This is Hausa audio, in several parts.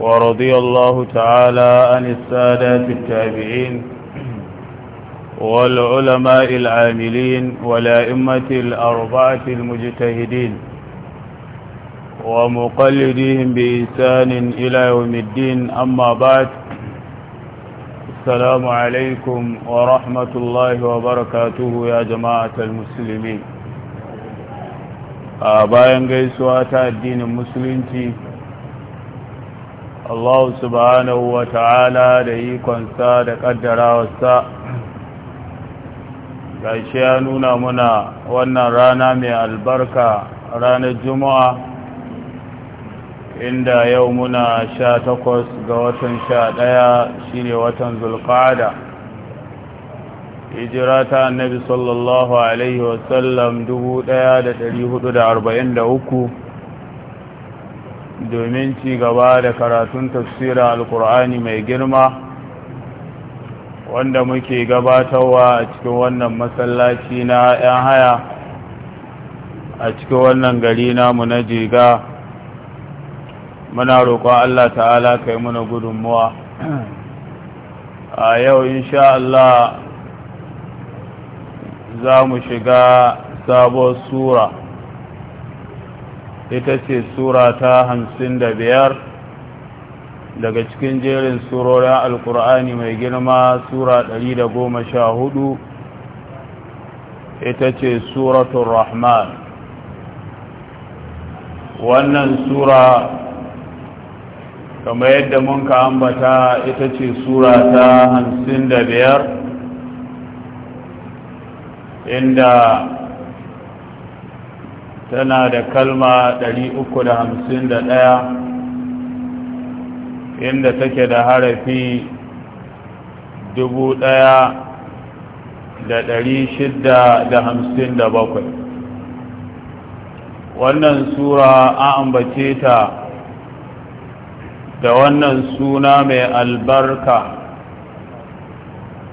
ورضي الله تعالى عن السادات التابعين والعلماء العاملين والأئمة الأربعة المجتهدين ومقلديهم بإنسان إلى يوم الدين أما بعد السلام عليكم ورحمة الله وبركاته يا جماعة المسلمين أبا آه، ينقل سواتا الدين المسلمين Allah subhanahu wa ta'ala da ikonsa da ƙaddara Ga gashi ya nuna muna wannan rana mai albarka ranar juma'a inda yau muna sha takwas ga watan sha ɗaya shi ne watan zulƙada hijira ta annabi sallallahu alaihi wasallam uku. domin ci gaba da karatun tafsira alkur'ani mai girma wanda muke gabatarwa a cikin wannan masallaci na 'yan haya a cikin wannan gari namu na jiga muna roƙon Allah ta'ala kai muna gudunmuwa a yau insha Allah za mu shiga sabuwar sura ita ce sura ta hamsin da biyar daga cikin jerin surorin alkur'ani mai girma sura ɗari da goma sha hudu ita ce suratun rahman wannan sura kama yadda mun ka ambata ita ce sura ta hamsin da biyar inda tana da kalma 351 inda take da harafi 1657 wannan sura an ambace ta da wannan suna mai albarka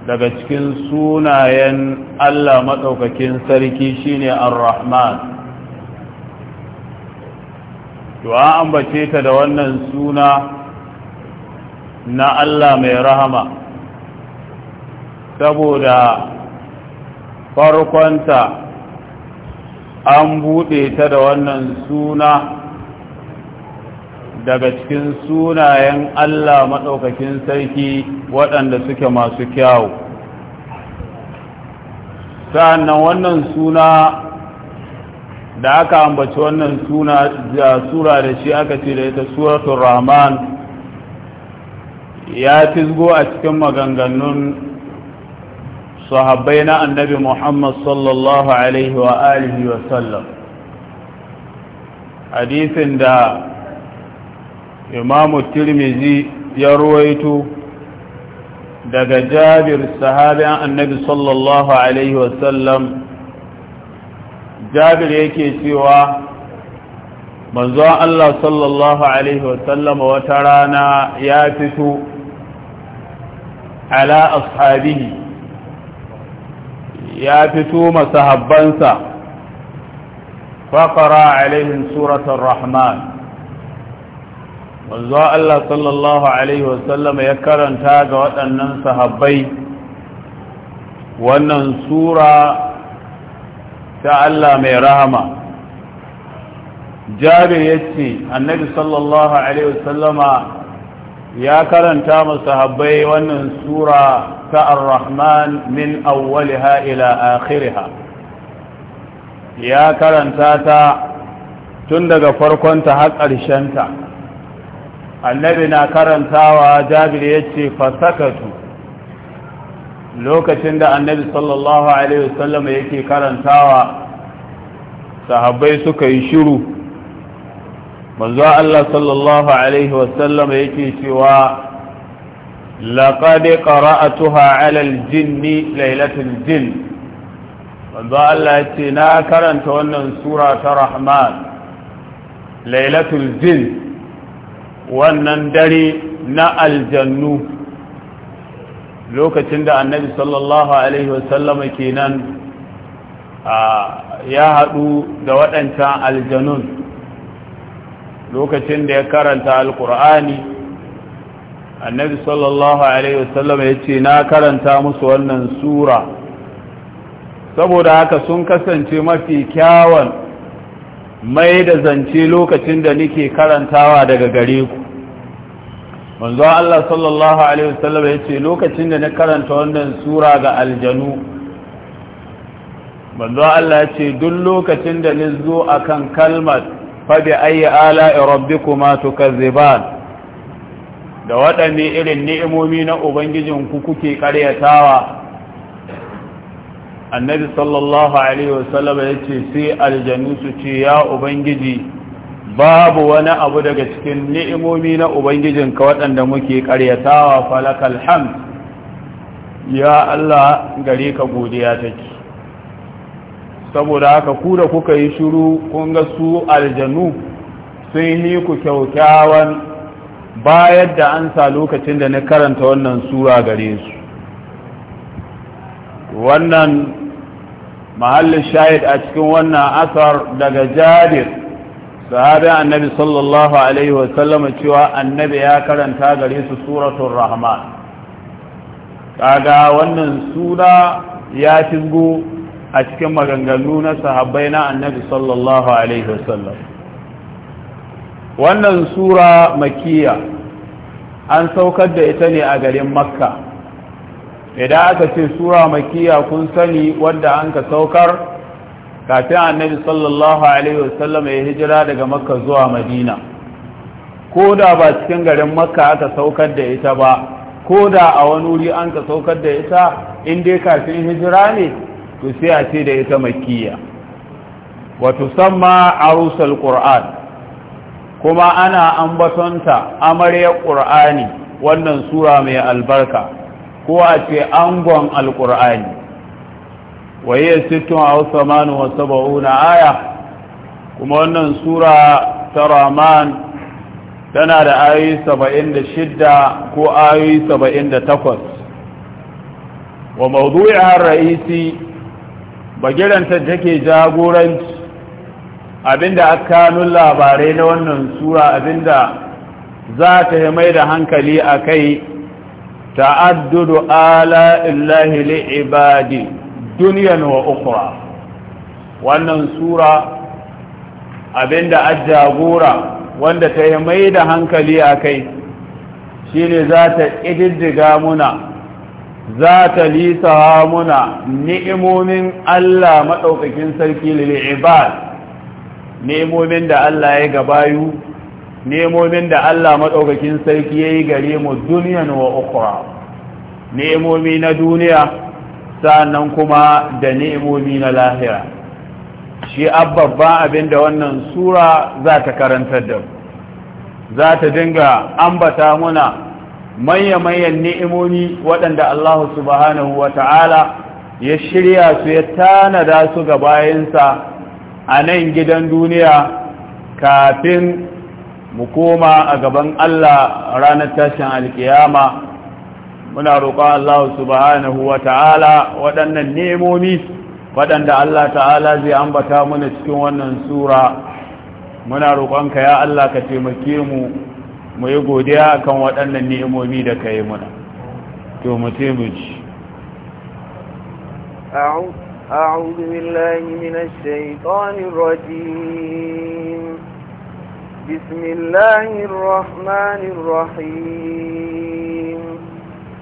daga cikin sunayen Allah maɗaukakin sarki shine ar-Rahman to an ambace ta da wannan suna na Allah mai rahama saboda farkonta an buɗe ta da wannan suna daga cikin sunayen Allah maɗaukakin sarki waɗanda suke masu kyawu sa'annan wannan suna da aka ambaci wannan suna da sura da shi aka ce da ita suratul rahman ya tisgo a cikin maganganun sahabbai na annabi muhammad sallallahu alaihi wa alihi wa sallam hadisin da imamu tirmizi ya ruwaito daga jabir sahabi annabi sallallahu alaihi wa sallam jabir yake cewa manzo Allah sallallahu alaihi wasallam wata rana ya fito ala ashabihi ya fito masahabbansa faqara alaihim suratul rahman wanzu Allah sallallahu Alaihi wasallama ya karanta ga waɗannan sahabbai wannan sura ta Allah mai rahama jabir ya ce annabi sallallahu alaihi wasallama ya karanta masahabbai wannan sura ta ar-rahman min awwaliha ila akhiriha ya karanta ta tun daga farkonta har ƙarshenta annabi na karantawa jabir ya ce fasakatu lokacin da annabi sallallahu alaihi wasallam yake karantawa sahabbai suka yi shiru manzo Allah sallallahu alaihi wasallam yake cewa laqad qara'atuha 'ala al-jinni laylatul jinn manzo Allah yace na karanta wannan sura ta Rahman laylatul jinn wannan dare na aljannu lokacin da annabi sallallahu alaihi wasallama kenan ya haɗu da waɗancan aljanun lokacin da ya karanta alkur'ani annabi sallallahu alaihi wasallama ya ce na karanta musu wannan sura saboda haka sun kasance mafi kyawun mai da zance lokacin da nike karantawa daga gare ku manzo Allah sallallahu alaihi wasallam ya ce lokacin da na karanta wannan sura ga aljanu manzo Allah ya ce duk lokacin da ni zo a kan kalmar fa bi ayi ala rabbikuma tukazziban da waɗanne irin ni'imomi na ubangijinku kuke ƙaryatawa? annabi sallallahu alaihi wasallam ya ce sai aljanu su ce ya ubangiji babu wani abu daga cikin ni'imomi na ubangijin ka waɗanda muke ƙaryatawa falakal hamd ya Allah gare ka godiya take saboda haka ku da kuka yi shiru kun ga su aljanu sun yi ku kyaukyawan bayar da an sa lokacin da na karanta wannan sura gare su wannan mahallin shahid a cikin wannan asar daga jadir. sahabi annabi sallallahu alaihi wasallama cewa annabi ya karanta gare su suratul rahman kaga wannan suna ya shigo a cikin maganganu na sahabbai na annabi sallallahu alaihi wasallam wannan sura makiya an saukar da ita ne a garin makka idan aka ce sura makiya kun sani wadda an ka saukar kafin annabi sallallahu alaihi wasallam ya hijira daga makka zuwa madina ko da ba cikin garin makka aka saukar da ita ba ko da a wani wuri an ka saukar da ita in dai kafin hijira ne to sai a ce da ita makkiya wato samma arusal qur'an kuma ana ambatonta amaryar qur'ani wannan sura mai albarka ko a ce angon alqur'ani waye sittun aw samanu wa na aya kuma wannan sura ta Rahman tana da ayoyi shidda ko ayoyi takwas. wa mawdu'iha har raisi bagiranta take jagoranci abinda aka nun labarai na wannan sura abinda za ta yi mai da hankali a kai ta'addudu ala illahi li'ibadi duniyan wa ukura wannan sura abinda ajagora wanda ta yi mai da hankali a kai shi ne za ta ƙididdiga muna za ta lisawa muna ni'imomin Allah maɗaukakin sarki lil'ibad ni'imomin da Allah ya gabayu ni'imomin da Allah maɗaukakin sarki ya yi gare mu duniyan wa ukura ni'imomi na duniya sannan kuma da ni'imomi na lahira shi babban abin da wannan sura za ta karantar da za ta dinga ambata muna manya-manyan ni'imomi waɗanda Allah subhanahu wa ta'ala ya shirya su ya tanada su ga bayansa a nan gidan duniya kafin mu koma a gaban Allah ranar tashin alkiyama muna roƙon Allah subhanahu wa ta'ala waɗannan nemomi waɗanda Allah ta'ala zai ambata mana cikin wannan sura muna roƙonka ya Allah ka taimake mu mu yi godiya kan waɗannan nemomi da ka yi muna to mu taimaci بسم الله الرحمن الرحيم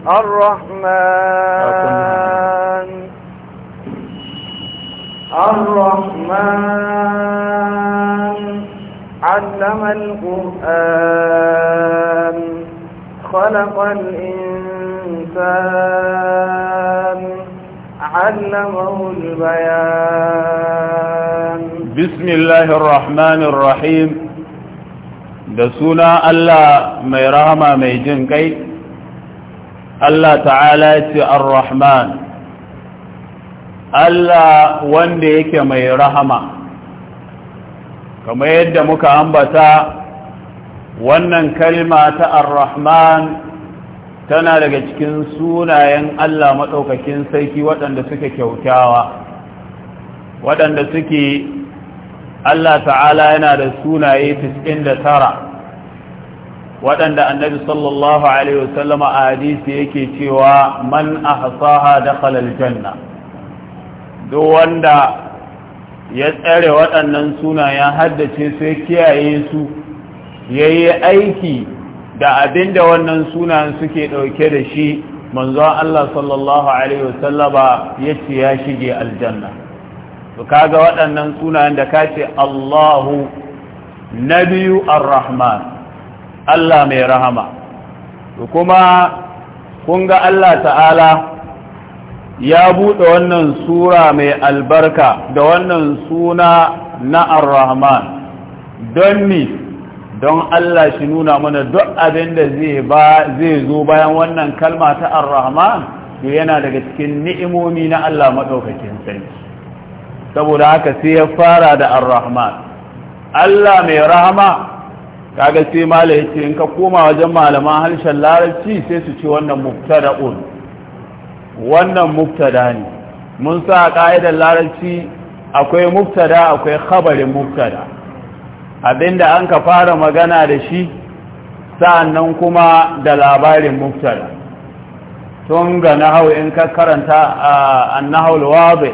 الرحمن الرحمن علم القرآن خلق الإنسان علمه البيان بسم الله الرحمن الرحيم دسونا الله Allah ميجن كيف Allah ta'ala ya ce ar-rahman Allah wanda yake mai rahama kamar yadda muka ambata wannan kalma ta ar-rahman tana daga cikin sunayen Allah maɗaukakin sarki waɗanda suke kyautawa waɗanda suke Allah ta'ala yana da sunaye 99 waɗanda annabi sallallahu alaihi wasallama a hadisi yake cewa man ahsaha dakhala aljanna duk wanda ya tsare waɗannan sunayen, ya haddace su ya kiyaye su yayi aiki da abinda wannan sunayen suke ɗauke da shi manzo Allah sallallahu alaihi wasallama yace ya shige aljanna to kaga waɗannan sunayen da ce Allahu nabiyyu ar-rahman Allah mai rahama kuma kun ga Allah ta'ala ya buɗe wannan sura mai albarka da wannan suna na ar-rahman don ni don Allah shi nuna mana duk abin da zai zo bayan wannan kalma ta ar-rahman to yana daga cikin ni'imomi na Allah maɗaukakin saboda haka sai ya fara da ar-rahman Allah mai rahama kaga sai mala ya ce in ka koma wajen malaman harshen larabci sai su ci wannan mubtada'un wannan mubtada ne mun sa ka'idar larabci akwai mubtada akwai khabarin mubtada abinda an ka fara magana da shi sa'annan kuma da labarin mubtada tun ga nahau in ka karanta annahu al-wadi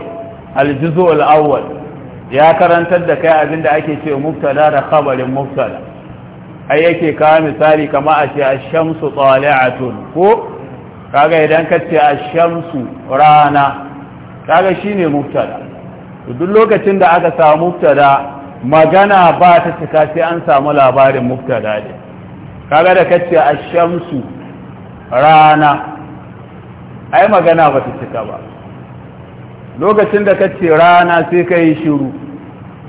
al ya karantar da kai abinda ake ce mubtada da khabarin mubtada ai yake ka misali kama a ce ashamsu tsali'atun ko kaga idan ka ce ashamsu rana kaga shine mubtada duk lokacin da aka samu mubtada magana ba ta cika sai an samu labarin mubtada ne kaga da kace ashamsu rana ai magana ba ta cika ba lokacin da kace rana sai kai shiru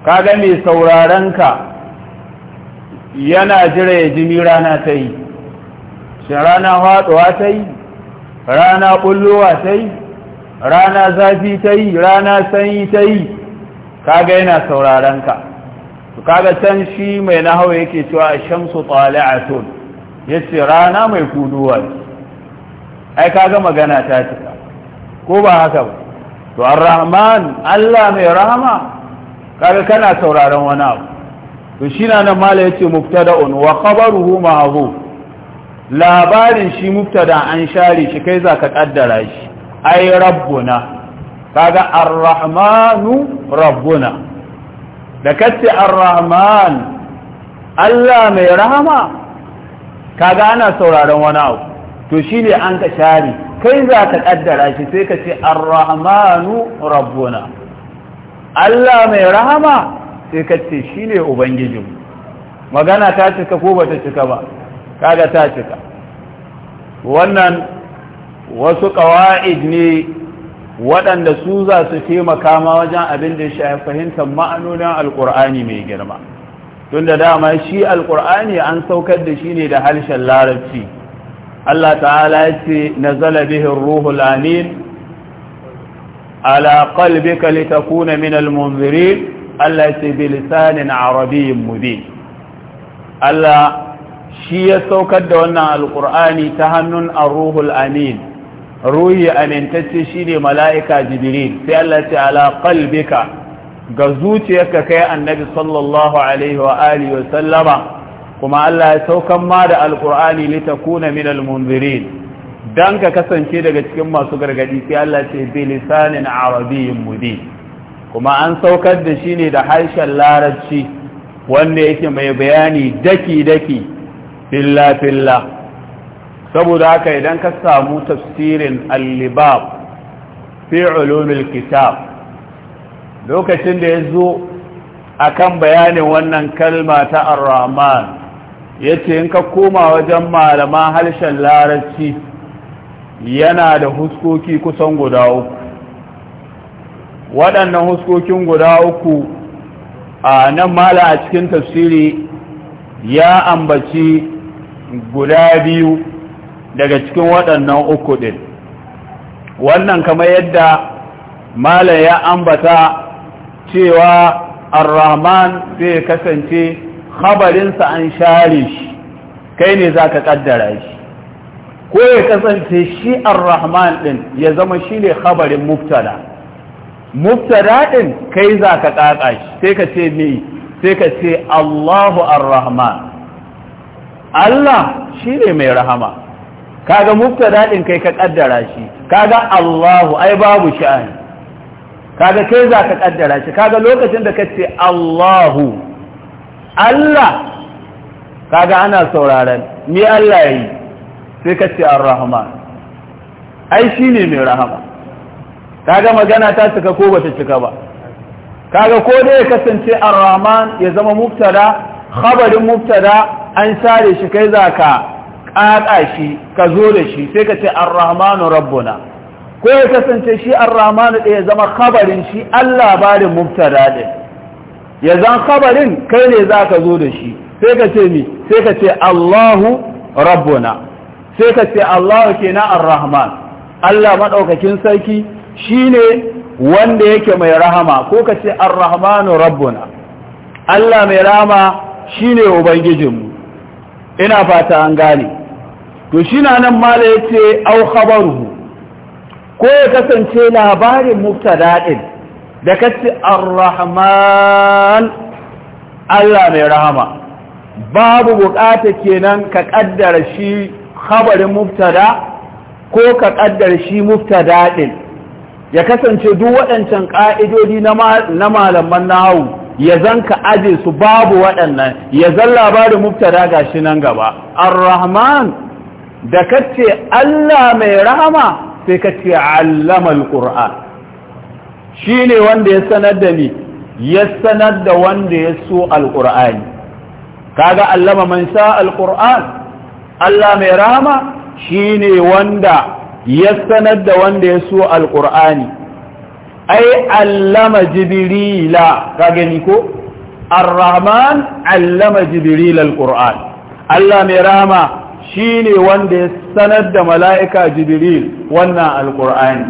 kaga mai sauraron ka yana jira ya jimi rana ta yi shin rana haɗuwa ta yi rana ɓullowa ta yi rana zafi ta yi rana sanyi ta yi kaga yana sauraronka. ka kaga can shi mai hawa yake cewa shamsu tun ce rana mai kuduwa ai kaga magana ta cika ko ba haka ba to an rahman Allah mai rahama kaga kana sauraron wani abu to shi na nan mala ce, mubtada'un wa khabaruhu ma'ahu labarin shi mubtada an share shi kai za ka kaddara shi ai rabbuna kaga ar-rahmanu rabbuna da kace ar-rahman Allah mai rahama kaga ana sauraron wani abu to shi ne an ka share kai za ka kaddara shi sai ka ce ar-rahmanu rabbuna Allah mai rahama sai ka ce shi ne ubangijin magana ta cika ko ba ta cika ba kaga ta cika wannan wasu ƙawa'id ne waɗanda su za su taimaka ma wajen abin da ya fahimtar ma'anonin alƙur'ani mai girma tun da dama shi alƙur'ani an saukar da shi ne da harshen larabci Allah ta'ala ya ce na zalabihin ruhul amin ala qalbika kuna min almunzirin Allah ya ce bilisanin arabiyyin mubin Allah shi ya saukar da wannan alkur'ani ta hannun ar amin ruhi amintacce shine mala'ika jibril sai Allah ya ce ala qalbika ga zuciyarka kai annabi sallallahu alaihi wa alihi wa sallama kuma Allah ya saukar ma da alkur'ani litakuna minal munzirin dan ka kasance daga cikin masu gargadi sai Allah ya ce bilisanin arabiyyin mubin kuma an saukar da shi ne da harshen larabci wanda yake mai bayani daki-daki filla-filla saboda haka idan ka samu tafsirin al-libab fi ulumil kitab lokacin da ya zo akan bayanin wannan kalma ta ar-rahman yace in ka koma wajen malaman harshen larabci yana da huskoki kusan guda uku waɗannan huskokin guda uku a nan mala a cikin tafsiri ya ambaci guda biyu daga cikin waɗannan uku ɗin wannan kama yadda mala ya ambata cewa arrahman rahman zai kasance khabarinsa an share shi kai ne za ka ƙaddara shi ko ya kasance shi al rahman ɗin ya zama shi ne khabarin muftala mubtada'in kai za ka kaka shi sai ka ce me sai ka ce Allahu Ar-Rahman Allah shine mai rahama kaga mubtada'in kai ka kaddara shi kaga Allahu ai babu sha'ani kaga kai za ka kaddara shi kaga lokacin da ka ce Allahu Allah kaga ana sauraron me Allah yayi sai ka ce Ar-Rahman ai shine mai rahama kaga magana ta cika ko bata cika ba kaga ko dai ya kasance ar-rahman ya zama mubtada khabarin mubtada an share shi kai zaka ƙaƙa shi ka zo da shi sai ka ce arrahmanu rabbuna ko ya kasance shi da ya zama kabarin shi allah barin mubtada da. ya zan kabarin kai ne za ka zo da shi sai ka ce mi sai ka ce allahu rabbuna sai ka ce allahu kenan arrahman allah maɗaukakin sarki Shi ne wanda yake mai rahama ko ka ce ar-rahmanu rabbuna Allah mai rahama shi ne ubangijinmu ina fata an gane to shi na nan mala yace au khabaruhu ko ya kasance labarin mubtada daɗin da kace ar-rahman Allah mai rahama babu bukata kenan ka ƙaddara shi khabarin mubtada ko ka ƙaddara shi mubtada ya kasance duk waɗancan ƙa'idodi na malaman nahu ya zanka aje su babu waɗannan ya zan labarin ga shi nan gaba ar-rahman da kace Allah mai rahama sai kace allama al Shi ne wanda ya sanar da ni ya sanar da wanda ya so al-qur'ani kaga allama man sha al Allah mai rahama shi ne wanda ya sanar da wanda ya so alƙur'ani ai allama jibrila ka gani ko arrahman allama jibrila alƙur'an allah mai rama shine wanda ya sanar da mala'ika jibril wannan alƙur'ani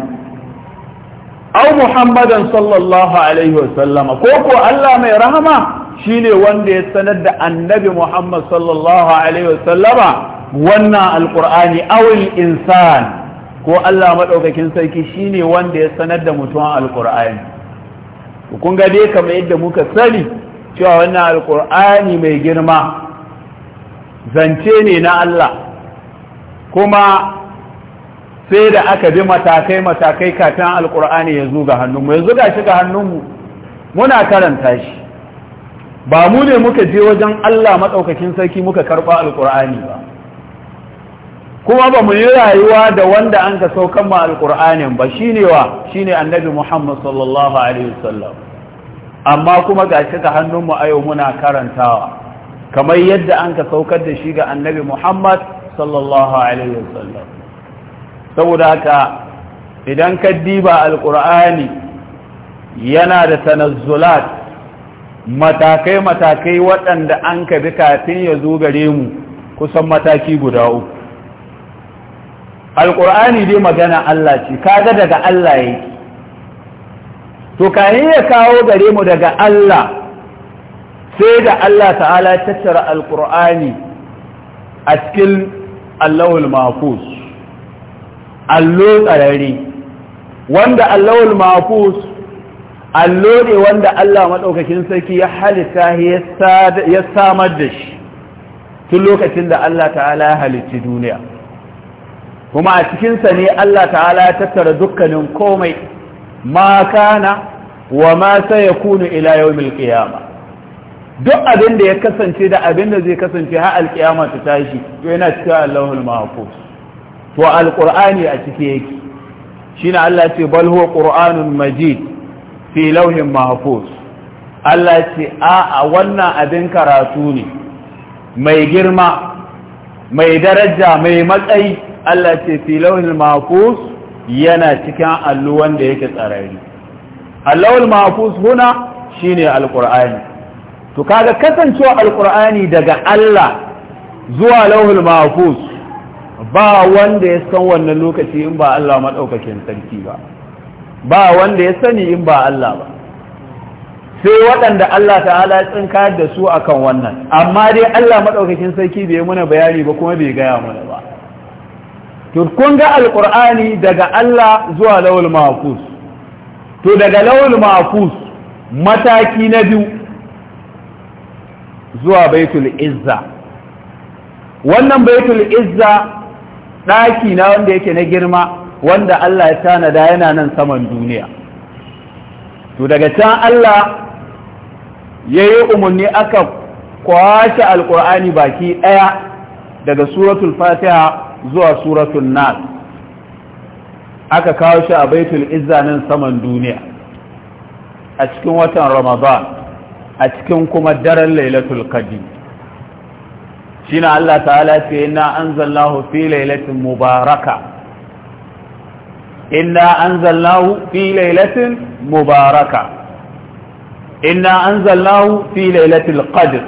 au muhammadan sallallahu alaihi wasallama ko ko allah mai rahama shine wanda ya sanar da annabi muhammad sallallahu alaihi wasallama wannan alƙur'ani awil insan ko Allah maɗaukakin sarki shine wanda ya sanar da mutum alkur'ani kun ga dai kamar yadda muka sani cewa wannan alkur'ani mai girma zance ne na Allah kuma sai da aka bi matakai matakai katan alƙur'ani ya zuga hannunmu ya zuga shi ga hannunmu muna karanta shi ba mu ne muka je wajen Allah maɗaukakin sarki muka karɓa alkur'ani ba kuma ba mu yi rayuwa da wanda an ka saukan ma alƙur'anin ba shine wa ne annabi muhammad sallallahu alaihi wasallam amma kuma ga shi ga hannunmu a yau muna karantawa kamar yadda an ka saukar da shi ga annabi muhammad sallallahu alaihi wasallam saboda haka idan ka diba alƙur'ani yana da tanazzulat matakai-matakai waɗanda an ka bi kafin ya zo gare mu kusan mataki guda uku alƙur'ani dai magana Allah ce kaga daga Allah yake to kayan ya kawo gare mu daga Allah sai da Allah ta'ala tattara alƙur'ani a cikin allahul mafus allo tsarari wanda allahul mafus allo ne wanda Allah maɗaukakin sarki ya halitta ya samar da shi tun lokacin da Allah ta'ala ya halitti duniya kuma a cikinsa ne Allah ta'ala ya tattara dukkanin komai ma kana wa ma kunu ila yau milkiyama. duk abin da ya kasance da abin da zai kasance har alkiyama ta tashi to yana cikin Allahul mahfuz to alqur'ani a ciki yake shine Allah ce bal huwa qur'anun majid fi lawhin mahfuz Allah ce a wannan abin karatu ne mai girma mai daraja mai matsayi Allah ce fi lauhil yana cikin allo wanda yake tsarari allahul maqus huna shine alqur'ani to kaga kasancewa alqur'ani daga Allah zuwa lauhul mafus, ba wanda ya san wannan lokaci in ba Allah madaukakin sarki ba ba wanda ya sani in ba Allah ba sai waɗanda Allah ta'ala tsinka da su akan wannan amma dai Allah maɗaukakin sarki bai muna bayani ba kuma bai gaya mana ba to kun ga alqur'ani daga Allah zuwa lawul mahfuz to daga lawul mahfuz mataki na biyu zuwa baitul izza wannan baitul izza ɗaki na wanda yake na girma wanda Allah ya tanada yana nan saman duniya to daga can Allah ya yi umarni aka kwashe alkur'ani baki ɗaya daga suratul fatiha zuwa suratun nas aka kawo shi a baitul izanin saman duniya a cikin watan ramadan a cikin kuma daren lailatul shi na Allah ta'ala ce inna anzalnahu fi lailatin mubaraka inna anzalnahu fi lailatin mubaraka inna anzalnahu fi lailatul qadr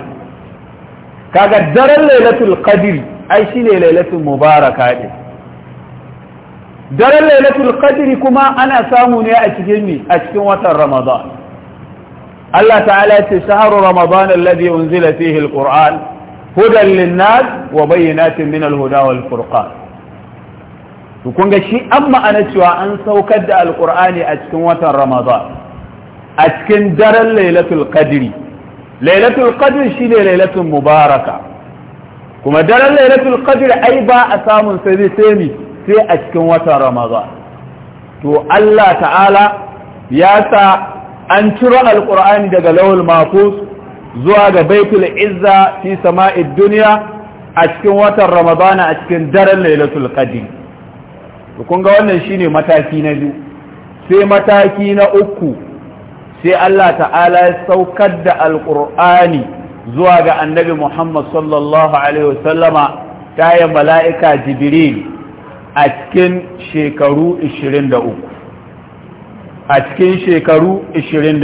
kaga daren lailatul qadr ai shine lailatul mubaraka ne. daren lailatul qadri kuma ana samu ne a cikin ne a cikin watan ramadan Allah ta'ala ce shahru ramadan alladhi unzila fihi alquran hudan linnas wa bayyinatin min alhuda wal furqan to kun ga shi an ma'ana cewa an saukar da alqur'ani a cikin watan ramadan a cikin daren lailatul qadri lailatul qadri shine lailatul mubaraka kuma daren lailatul qadr ai ba a samun sai sai sai a cikin watan ramadan to Allah ta'ala ya sa an ciro alqur'ani daga lawul mahfuz zuwa ga baitul izza fi sama'id dunya a cikin watan ramadan a cikin daren lailatul qadr to kun ga wannan shine mataki na biyu sai mataki na uku sai Allah ta'ala ya saukar da alqur'ani zuwa ga annabi Muhammad sallallahu Alaihi wasallama ta yi mala'ika jibirin a cikin shekaru 23 a cikin shekaru 23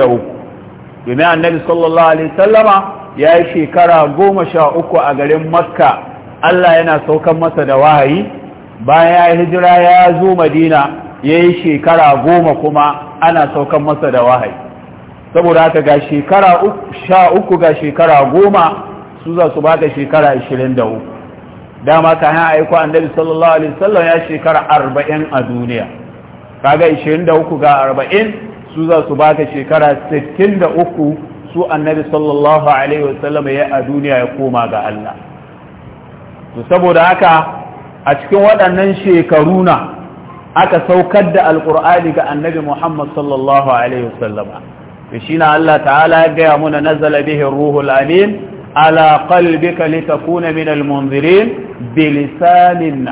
domin annabi sallallahu Alaihi wasallama ya yi shekara goma sha uku a garin makka Allah yana saukan masa da wahayi bayan ya hijira ya zo madina ya yi shekara goma kuma ana saukan masa da wahayi saboda haka ga shekara sha uku ga shekara goma su za su baka shekara ashirin da uku dama ka hana aiko annabi sallallahu alaihi wasallam ya shekara arba'in a duniya kaga ashirin da uku ga arba'in su za su baka shekara sittin da uku su annabi sallallahu alaihi wasallam ya a duniya ya koma ga Allah to saboda haka a cikin waɗannan shekaru na aka saukar da alƙur'ani ga annabi Muhammad sallallahu alaihi wasallama shi na Allah ta'ala ya gaya muna nazala bihi ruhul amin ala qalbika litakuna min almunzirin bilisanin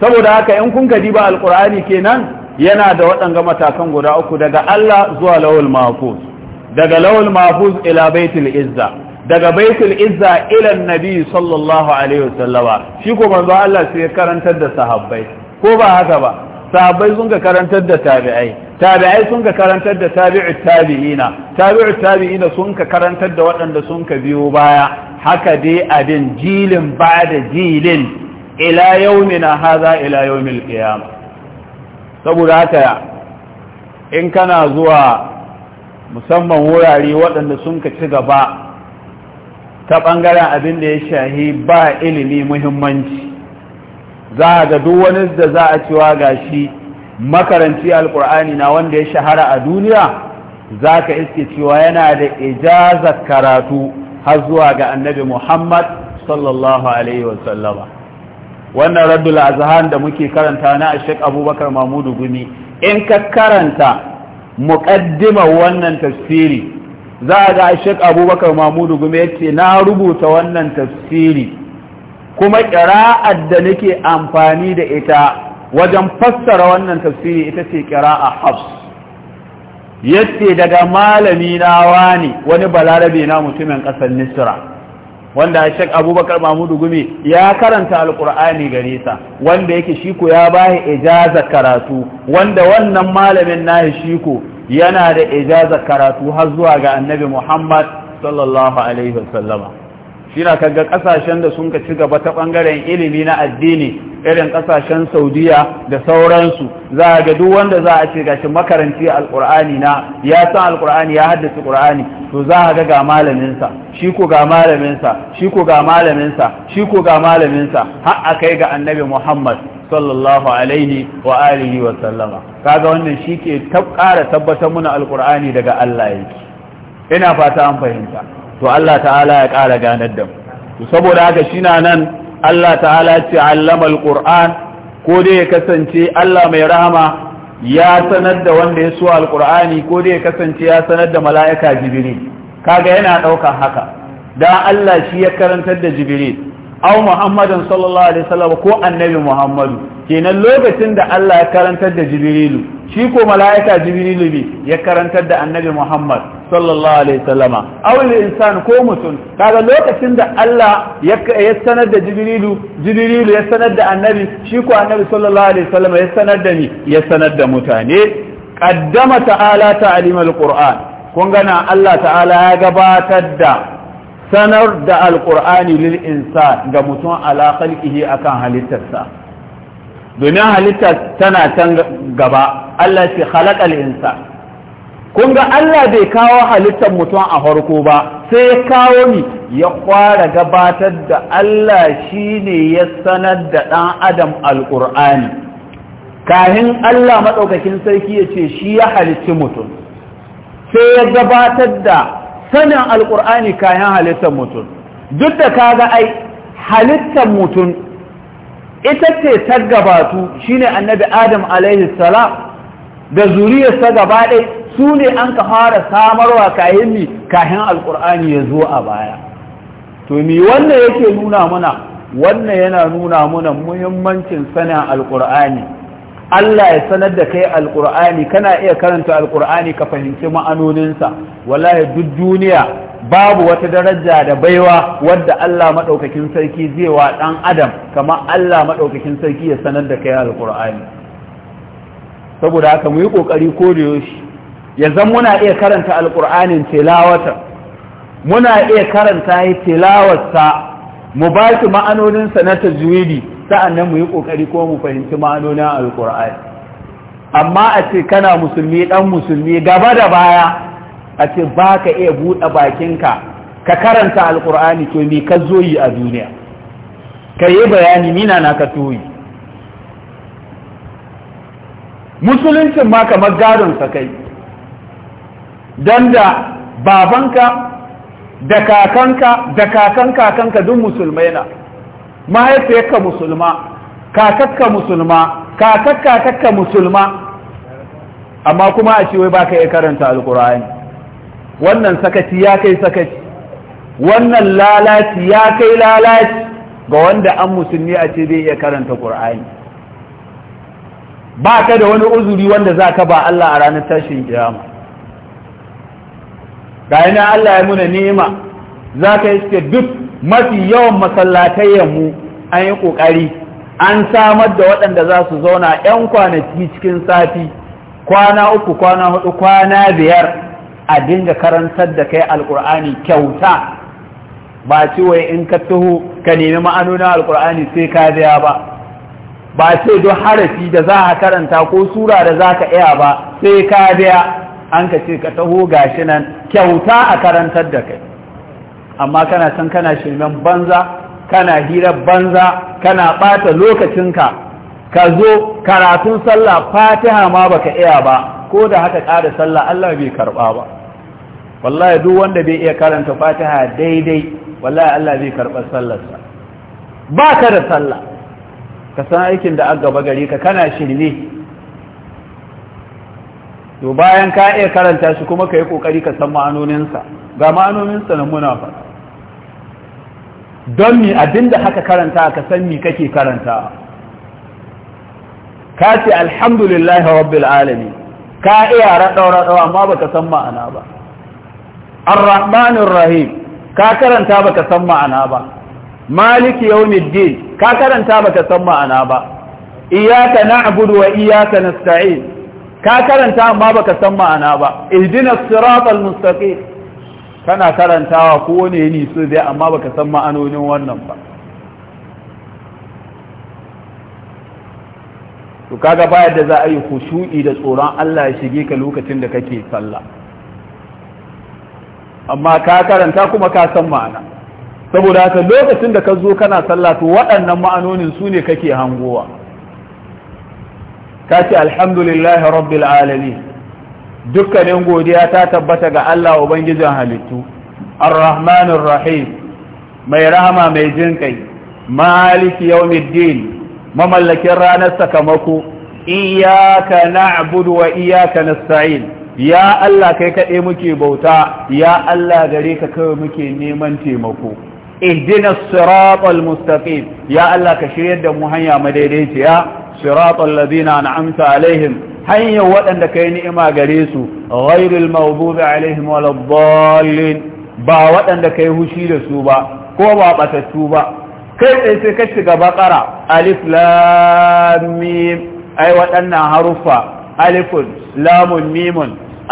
saboda haka in kun kadi ba alqur'ani kenan yana da waɗanga matakan guda uku daga Allah zuwa lawul mahfuz daga lawul mahfuz ila baitul izza daga baitul izza ila Nabiyyu sallallahu alaihi wasallama shi ko manzo Allah sai ya karantar da sahabbai ko ba haka ba sahabbai sun ka karantar da tabi'ai tabi'ai sun ka karantar da tabi'u tabi'ina tabi'u tabi'ina sun ka karantar da waɗanda sun ka biyo baya haka dai abin jilin ba da jilin ila yaumina haza ila yaumil qiyama saboda haka in kana zuwa musamman wurare waɗanda sun ka ci gaba ta ɓangaren abin da ya shahi ba ilimi muhimmanci za a ga duk wani da za a ciwa gashi makaranci alkur'ani na wanda ya shahara a duniya za ka iske cewa yana da ijazar karatu har zuwa ga annabi muhammad sallallahu alaihi wasallama wannan raddul azhan da muke karanta na ashek abubakar mamudu gumi in ka karanta muqaddima wannan tafsiri za a ga ashek abubakar mamudu gumi yace na rubuta wannan tafsiri kuma ƙira'ar da nake amfani da ita wajen fassara wannan tafsiri ita ce a hafs yace daga malami na wani wani balarabe na mutumin ƙasar nisra wanda shek Abubakar Mahmudu Gumi ya karanta Alƙur'ani gare sa wanda yake shi ko ya bahi ijaza karatu wanda wannan malamin nahi shi ko yana da ijaza karatu har zuwa ga Annabi Muhammad sallallahu alaihi wasallama shina kaga kasashen da sun ka ci gaba ta bangaren ilimi na addini irin kasashen saudiya da sauransu za ga duk wanda za a ce gashi makaranci alkur'ani na ya san alkur'ani ya haddace qur'ani to za ga ga malaminsa shi ko ga malaminsa shi ko ga malaminsa shi ko ga malaminsa har a kai ga annabi muhammad sallallahu alaihi wa alihi wa sallama kaga wannan shi ke ƙara tabbatar muna alkur'ani daga allah yake ina fata an fahimta to Allah ta'ala ya ƙara ganar da mu saboda haka shi na nan Allah ta'ala ce allamal qur'an ko dai ya kasance Allah mai rahama ya sanar da wanda ya so alqur'ani ko dai ya kasance ya sanar da mala'ika jibril kaga yana ɗaukar haka Da Allah shi ya karantar da jibril aw Muhammadan sallallahu alaihi wasallam ko annabi muhammadu kenan lokacin da Allah ya karantar da jibrilu shi ko mala'ika jibrilu ne ya karantar da annabi muhammad sallallahu alaihi wasallama awil insan ko mutum kaga lokacin da Allah ya sanar da jibrilu jibrilu ya sanar da annabi shi ko annabi sallallahu alaihi sallama ya sanar da ni ya sanar da mutane qaddama ta'ala ta'lim alquran kun gana Allah ta'ala ya gabatar da sanar da alqur'ani lil insan ga mutum ala khalqihi akan halittarsa domin halitta tana can gaba Allah ce khalaqal insan kun ga Allah bai kawo halittar mutum a farko ba sai ya kawo ni ya kwara gabatar da Allah shi ne ya sanar da ɗan adam alƙur'ani kahin Allah maɗaukakin sarki ya ce shi ya halicci mutum sai ya gabatar da sanin alƙur'ani kayan halittar mutum duk da ka ga ai halittar mutum ita ce ta gabatu shi ne annabi adam alaihi salam da zuriyarsa gaba ɗai su ne an ka fara samarwa kayan ni kayan alkur'ani ya zo a baya to ni wannan yake nuna mana wannan yana nuna mana muhimmancin sanin alkur'ani Allah ya sanar da kai alkur'ani kana iya karanta alkur'ani ka fahimci ma'anoninsa wallahi duk duniya babu wata daraja da baiwa wadda Allah maɗaukakin sarki zai wa ɗan adam kamar Allah maɗaukakin sarki ya sanar da kai alkur'ani saboda haka mu yi kokari ko da yaushe yanzu muna iya karanta alqur'anin tilawata muna iya karanta yi tilawarsa mu ba shi ma'anoninsa na tajwidi sa'annan mu yi kokari ko mu fahimci ma'anonin alqur'ani amma a ce kana musulmi dan musulmi gaba da baya a ce ba ka iya buɗe bakinka ka karanta alkur'ani to me ka zo yi a duniya ka yi bayani mina na ka toyi musuluncin ma kamar gadon sa kai dan da babanka da kakanka da kakan kakanka duk musulmai na mahaifiyarka musulma kakakka musulma kakakka kakka musulma amma kuma a ce wai baka iya karanta alkur'ani wannan sakaci ya kai sakaci wannan lalaci ya kai lalaci ga wanda an musulmi a ce bai iya karanta qur'ani ba ka da wani uzuri wanda za ka ba Allah a ranar tashin kiyama ga ina Allah ya muna nema za ka yi suke duk mafi yawan masallatayyanmu an yi ƙoƙari an samar da waɗanda za su zauna 'yan kwanaki cikin sati kwana uku kwana hudu kwana biyar a dinga karantar da kai alƙur'ani kyauta ba ci in ka taho ka nemi ma'anonin alƙur'ani sai ka biya ba ba ce duk harafi da za a karanta ko sura da za ka iya ba sai ka biya an ka ce ka taho gashi nan kyauta a karantar da kai amma kana san kana shirmen banza kana hirar banza kana ɓata lokacinka ka zo karatun sallah fatiha ma baka iya ba ko da haka ƙara sallah Allah bai karɓa ba wallahi duk wanda bai iya karanta fatiha daidai wallahi Allah bai karɓar sallarsa ba ka da sallah ka san aikin da aka gaba gare ka kana shirme to bayan ka iya karanta shi kuma ka yi kokari ka san ma'anoninsa ga ma'anoninsa na muna fa don mi abinda haka karanta ka san mi kake karanta ka ce alhamdulillahi rabbil alamin ka iya raɗau raɗau amma baka san ma'ana ba ar rahim ka karanta baka san ma'ana ba maliki يوم ka karanta baka san ma'ana ba إياك نعبد وإياك نستعين nasta'in ka karanta amma با san ma'ana ba ihdinas siratal mustaqim kana karantawa ko wani yini so dai amma wannan ba to kaga ba yadda za a yi khushu'i da tsoron Allah ya shige ka lokacin da kake sallah amma ka karanta kuma ka san ma'ana saboda haka lokacin da ka zo kana sallah to waɗannan ma'anonin su ne kake hangowa ka ce alhamdulillahi rabbil alamin dukkanin godiya ta tabbata ga Allah ubangijin halittu arrahmanir rahim mai rahama mai jin kai maliki yawmiddin mamallakin ranar sakamako iyyaka na'budu wa iyyaka nasta'in ya Allah kai kaɗai muke bauta ya Allah gare ka kawai muke neman taimako اهدنا الصراط المستقيم يا الله كشريد دمو هيا مديريت يا صراط الذين أنعمت عليهم هيا وأن كين إما قريسو غير المغضوب عليهم ولا الضالين با وأن كي هشيد سوبا كوبا بتسوبا كيف سكشك بقرة ألف لام ميم أي وأن حرفة ألف لام ميم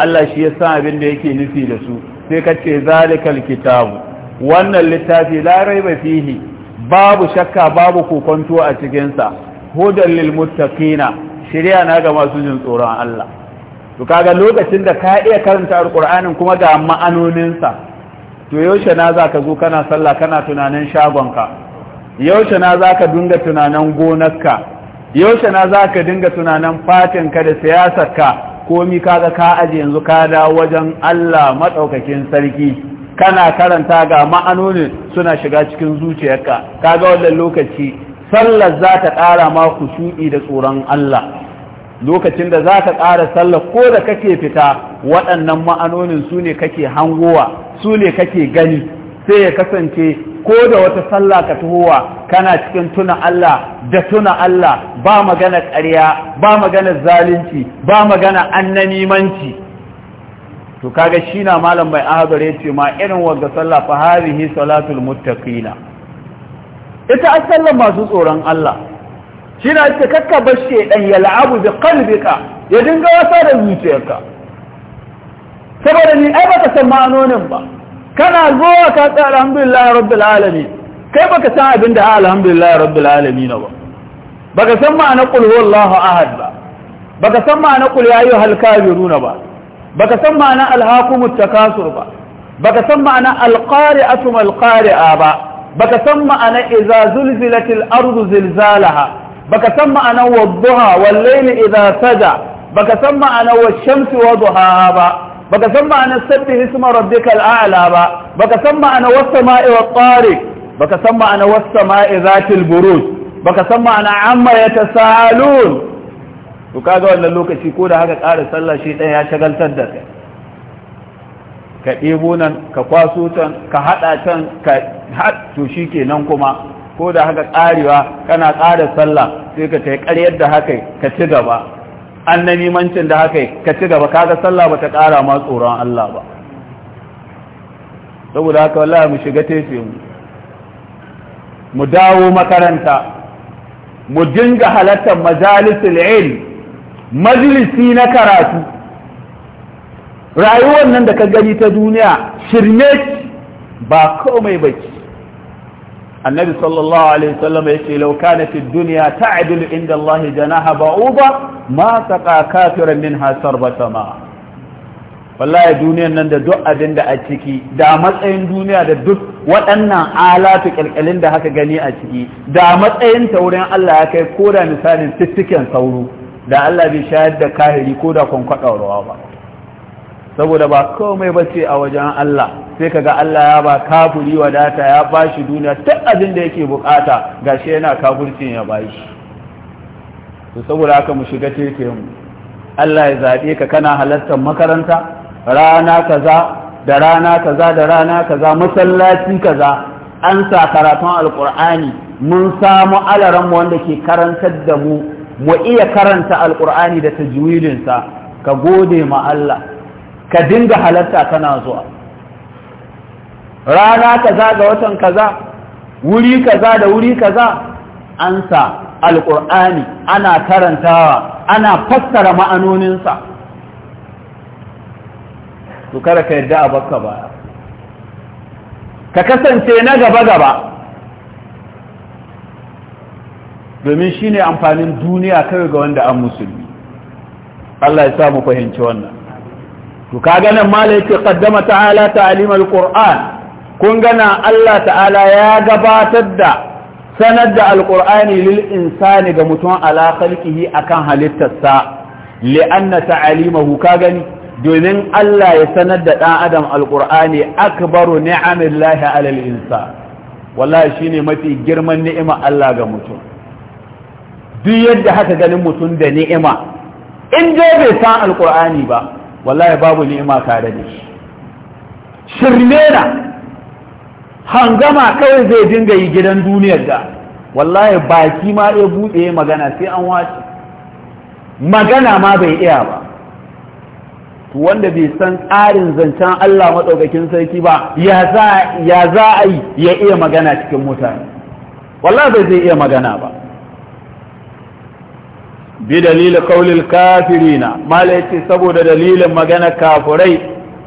الله شيء صعب إنه يكي نفي لسو سكشك ذلك الكتاب wannan littafi la raiba fihi babu shakka babu kokonto a cikinsa hudan lil muttaqina shirya na ga masu jin tsoron Allah to kaga lokacin da ka iya karanta alqur'anin kuma ga ma'anoninsa to yaushe na zaka zo kana sallah kana tunanin shagonka yaushe na zaka dinga tunanin gonarka yaushe na zaka dinga tunanin fatinka da siyasarka komi kaga ka aje yanzu ka da wajen Allah madaukakin sarki kana karanta ga ma'anonin suna shiga cikin zuciyarka Ka ga wannan lokaci sallar za ta ƙara ma shudi da tsoron Allah lokacin da za ka ƙara sallar ko da kake fita waɗannan ma'anonin su ne kake hangowa su ne kake gani sai ya kasance ko da wata sallah ka tuhowa kana cikin tuna Allah da tuna Allah ba magana ƙarya ba magana zalunci ba magana annanimanci to kaga shi na malam mai ahadar ya ce ma irin wanda sallah fa hadhihi salatul muttaqina ita as masu tsoron Allah shi na ce kakka bar shedan ya la'abu bi qalbika ya dinga wasa da zuciyarka saboda ni ai baka san ma'anonin ba kana zuwa ka tsaya alhamdulillah rabbil alamin kai baka san abin da alhamdulillah rabbil alamin ba baka san ma'anar qul huwallahu ahad ba baka san ma'anar qul ya ayyuhal kafiruna ba baka san ma'ana alhaqumut takasur ba baka san ma'ana alqari'atu mal ba baka san ma'ana idza zulzilatil ardu zilzalaha baka san ma'ana wadhuha wal layli idza sada baka san ma'ana wash-shamsi wadhuha ba baka san ma'ana sabbih isma rabbikal a'la ba baka san ma'ana was-sama'i wat-tariq baka san ma'ana was-sama'i dhatil buruj baka san ma'ana amma yatasaalun to kaga wannan lokaci ko da haka ƙara sallah shi ɗaya ya shagaltar da kai ka ɗebo nan ka kwaso can ka haɗa can ka haɗ to shi ke nan kuma ko da haka ƙarewa kana ƙara sallah sai ka tai ƙaryar da haka ka ci gaba an na nimancin da haka ka ci gaba kaga sallah ba ta ƙara ma tsoron Allah ba saboda haka wallahi mu shiga tefe mu mu dawo makaranta mu dinga halartar majalisul ilm majalisi na karatu rayuwar nan da ka gani ta duniya shirme ba komai baki annabi sallallahu alaihi wasallam yace law kana fi ta ta'dil inda Allah janaha ba'uba ma saqa kafiran minha sarbata ma wallahi duniyar nan da duk abin da a ciki da matsayin duniya da duk waɗannan alatu kyalkyalin da haka gani a ciki da matsayin ta wurin Allah ya kai koda misalin tittiken sauro da Allah bai shayar da kahiri ko da kwankwaɗa rawa ba saboda ba komai ba ce a wajen Allah sai kaga Allah ya ba kafuri wadata ya ba shi duniya duk abin da yake bukata gashi yana kafurcin ya ba shi to saboda haka mu shiga teke mu Allah ya zaɓe ka kana halartar makaranta rana kaza da rana kaza da rana kaza masallaci kaza an sa karatun alkur'ani mun samu alaran wanda ke karantar da mu mu iya karanta alkur'ani da tajwilinsa ka gode ma Allah ka dinga halarta kana zuwa rana kaza ga watan kaza wuri kaza da wuri kaza ansa Alƙur'ani alkur'ani ana karantawa ana fassara ma'anoninsa Su kara ka yarda a baka baya ka kasance na gaba gaba domin shi ne amfanin duniya kawai ga wanda an musulmi Allah ya sa fahimci wannan to kaga nan malai yake kaddama ta'ala al qur'an kun gana Allah ta'ala ya gabatar da sanar da al-qur'ani lil insani ga mutum ala khalqihi akan halittarsa li'anna ta'limahu ka gani domin Allah ya sanar da ɗan adam al al-qur'ani akbaru ni'amillahi alal insa wallahi shine mafi girman ni'ima Allah ga mutum duk yadda haka ganin mutum da ni'ima in je bai san alkur'ani ba wallahi babu ni'ima tare da shi shirme na hangama kawai zai dinga yi gidan duniyar da wallahi baki ma ya buɗe magana sai an wace magana ma bai iya ba to wanda bai san tsarin zancen Allah maɗaukakin sarki ba ya za a yi ya iya magana cikin mutane wallahi bai zai iya magana ba bi dalilin kaulil kafirina mala yace saboda dalilin magana kafurai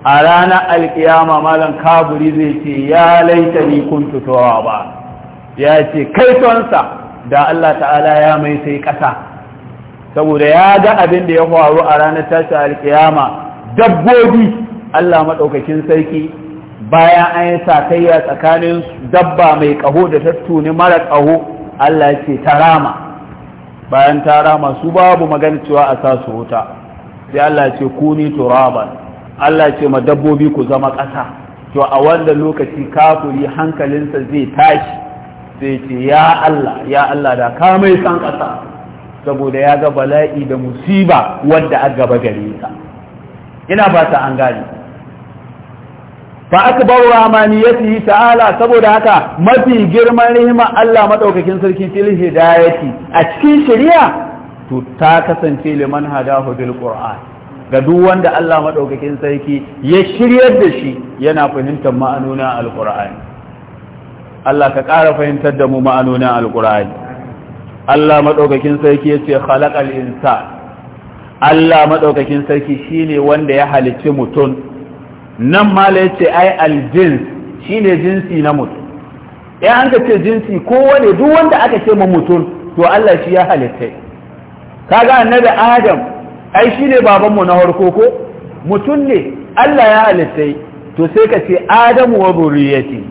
a ranar alkiyama malam kafiri zai ce ya laita ni kuntu ba ya ce kai tonsa da Allah ta'ala ya mai sai kasa saboda ya ga abin da ya faru a ranar tashi alkiyama dabbobi Allah maɗaukakin sarki bayan an yi sakayya tsakanin dabba mai kaho da tattuni mara kaho. Allah ce ta rama. bayan tara masu babu magana cewa a sa su wuta sai Allah ce kuni turaban Allah ce ma dabbobi ku zama ƙasa to a wanda lokaci kafuri hankalinsa zai tashi sai ce ya Allah ya Allah da ka mai san ƙasa saboda ya ga bala'i da musiba wadda a gaba gare ka ina ba ta an gane fa akbar rahmaniyatihi ta'ala saboda haka mafi girman rihima, Allah madaukakin sarki fil hidayati a cikin shari'a to ta kasance liman hadahu bil qur'an ga duk wanda Allah madaukakin sarki ya shiryar da shi yana fahimtar ma'anuna alqur'ani Allah ka ƙara fahimtar da mu ma'anuna alqur'ani Allah madaukakin sarki yace khalaqal insa Allah madaukakin sarki shine wanda ya halicci mutum nan mala ya ce ai aljins shine jinsi na mutum ya an ka ce jinsi kowane duk wanda aka ce ma mutum to Allah shi ya halitta kaga annabi adam ai shine babanmu na harko ko mutum ne Allah ya halitta to sai ka ce adamu wa zuriyati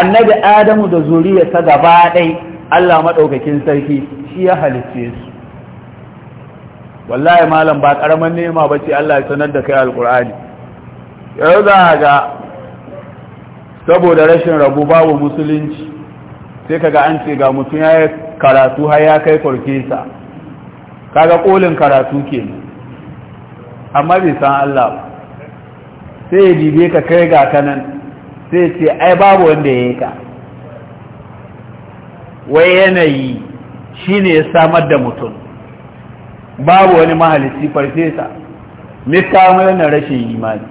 annabi adamu da zuriyarsa gaba ɗai Allah maɗaukakin sarki shi ya halicce su wallahi malam ba ƙaramin nema ba ce Allah ya sanar da kai alƙur'ani yau za a ga saboda rashin rabu babu musulunci sai kaga an ce ga mutum ya karatu har ya kai farfesa ga kolin karatu ke amma bai san Allah ba sai ya dibe ka kai ga kanan sai ce ai babu wanda ya yi ka wai yanayi shi ne ya samar da mutum babu wani mahalici farfesa mai samar da rashin imani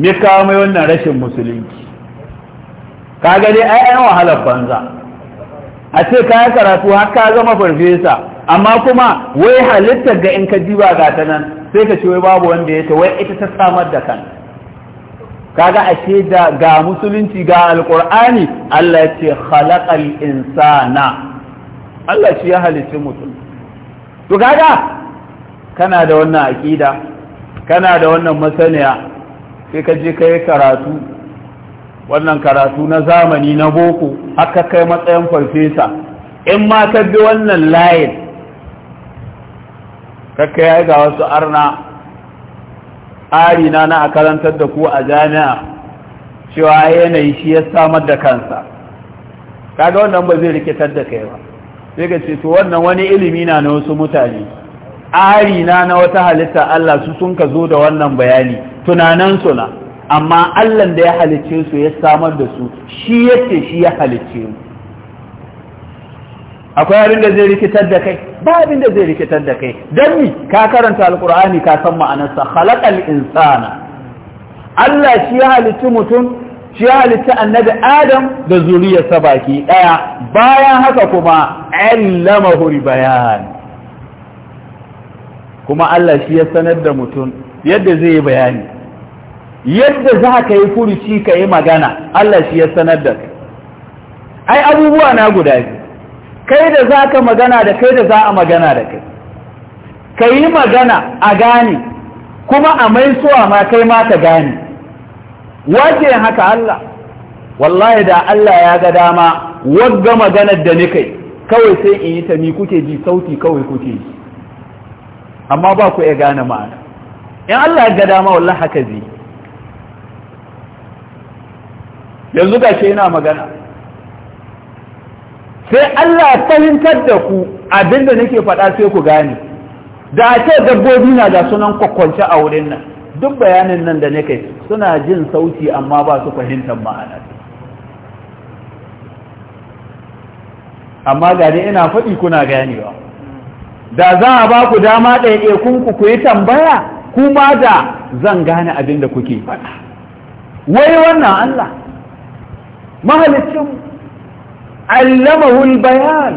me kawo mai wannan rashin musulunci ka gani ai ai wahalar banza a ce ka karatu har ka zama farfesa amma kuma wai halittar ga in ka ba ga ta nan sai ka ce wai babu wanda ya ce wai ita ta samar da kan kaga ashe da ga musulunci ga alkur'ani Allah ce khalaqal insana Allah shi ya halicci mutum to kaga kana da wannan aqida kana da wannan masaniya sai ka je ka yi karatu wannan karatu na zamani na boko haka kai matsayin farfesa in ma ka bi wannan layin kakka ya ga wasu arna arina na a karantar da ku a jami'a cewa yanayi shi ya samar da kansa kaga wannan ba zai rikitar da kai ba sai ka ce to wannan wani ilimi na na wasu mutane arina na na wata halitta Allah su sun ka zo da wannan bayani tunanan na amma Allah da ya halicce su ya samar da su shi yace shi ya halicce mu akwai abin da zai rikitar da kai ba abin da zai rikitar da kai don ni ka karanta alkur'ani ka san ma'anarsa khalaqal insana Allah shi ya halicci mutum shi ya halicci annabi Adam da zuriyarsa baki daya bayan haka kuma allamahu bayan kuma Allah shi ya sanar da mutum yadda zai yi bayani yadda za ka yi furuci ka yi magana Allah shi ya sanar da ai abubuwa na guda biyu kai da za ka magana da kai da za a magana da kai ka yi magana a gane kuma a mai suwa ma kai ma ka gane wace haka Allah wallahi da Allah ya ga dama wagga maganar da ni kai kawai sai in yi ta ni kuke ji sauti kawai kuke ji amma ba ku iya gane ma'ana in Allah ya ga dama wallahi haka zai yanzu ga ce yana magana sai Allah fahimtar da ku abinda nake faɗa sai ku gane da a ce dabbobi na da sunan kwakwance a wurin nan duk bayanin nan da nake suna jin sauti amma ba su fahimtar ma'ana amma gane ina faɗi kuna ganewa da za a ba ku dama ɗaiɗaikun ku ku yi tambaya kuma da zan gane abin da kuke faɗa wai wannan Allah mahalicin allamahul bayan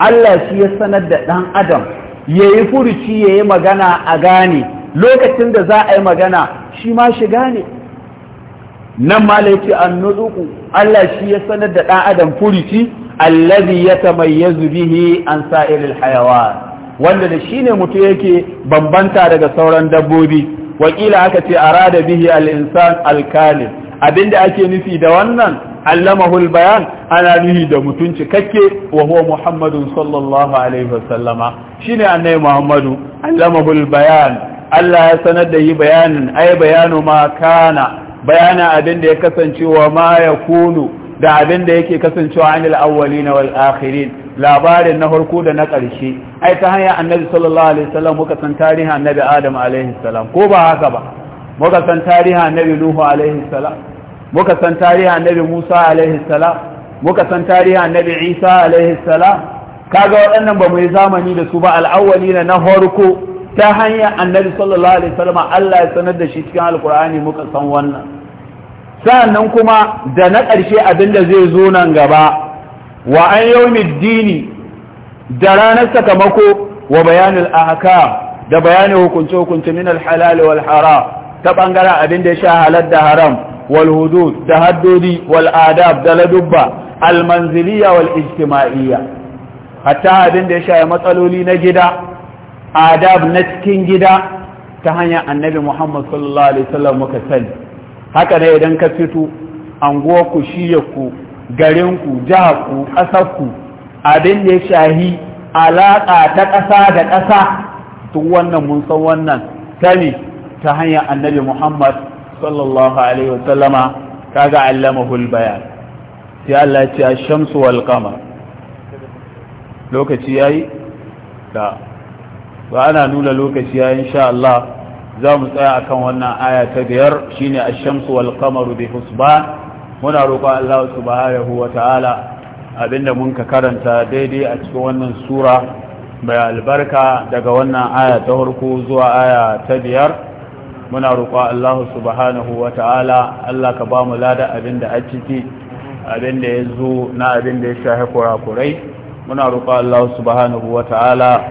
Allah shi ya sanar da ɗan adam ya yi furuci ya yi magana a gane lokacin da za a yi magana shi ma shi gane nan ma laifi an nutsuku Allah shi ya sanar da ɗan adam furuci allazi ya tamayyazu bihi an sa'iril hayawan wanda da shi ne mutum yake bambanta daga sauran dabbobi wakila aka ce arada bihi al-insan al-kalim abinda ake nufi da wannan allamahul bayan ana nuhi da mutunci, "Kake wa huwa muhammadun sallallahu alaihi wasallama shine annabi muhammadu allamahul bayan Allah ya sanar da yi bayanin ai bayanu ma kana bayana abinda ya kasancewa wa ma yakunu da abin da yake kasancewa anil awwalin wal akhirin labarin na harku da na ƙarshe ai ta hanyar annabi sallallahu alaihi wasallam muka san tarihin annabi adam alaihi salam ko ba haka ba muka san tarihin annabi nuhu alaihi salam muka san tarihin annabi musa alaihi salam muka san tarihin annabi isa alaihi salam kaga waɗannan ba mu yi zamani da su ba al'awwalina na farko ta hanyar annabi sallallahu alaihi wasallam Allah ya sanar da shi cikin alkur'ani muka san wannan sa'annan kuma da na ƙarshe abinda zai zo nan gaba wa an dini da ranar sakamako wa bayanin aka da bayanin hukunce hukunce min alhalali wal haram ta ɓangaren abinda ya sha halar da haram wal hudud da haddodi wal adab da ladubba al manziliya wal ijtima'iyya hatta abinda ya sha matsaloli na gida adab na cikin gida ta hanyar annabi Muhammad sallallahu alaihi wasallam muka sani haka ne idan ka fito anguwarku shiyarku garinku jiharku ƙasarku abin da ya shahi alaƙa ta ƙasa da ƙasa duk wannan mun san wannan ta ne ta hanyar annabi muhammad sallallahu alaihi wasallama kaga allamahul bayan sai Allah ce a shamsu wal qamar lokaci yayi da ba ana nuna lokaci yayi insha Allah za mu tsaya a kan wannan aya ta biyar Shi ne a shamsu wal qamaru bi husban muna roƙon Allah subhanahu huwa ta'ala abinda mun ka karanta daidai a cikin wannan sura mai albarka daga wannan aya ta harko zuwa aya ta biyar muna roƙon Allah subhanahu huwa ta'ala Allah ka ba mu lada abinda a ciki abinda ya zo na abinda ya shahi kurakurai muna roƙon Allah subhanahu huwa ta'ala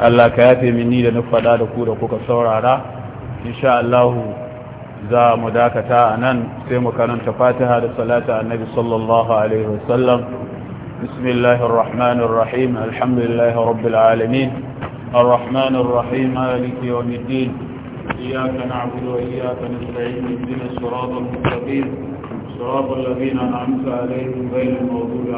Allah ka yafe mini da na faɗa da ku da kuka saurara insha Allah za mu dakata a nan sai mu karanta fatiha da salata annabi sallallahu alaihi wasallam bismillahir rahmanir rahim alhamdulillahi rabbil alamin arrahmanir rahim maliki yawmiddin iyyaka na'budu wa iyyaka nasta'in ihdinas siratal mustaqim siratal ladzina an'amta alaihim ghayril maghdubi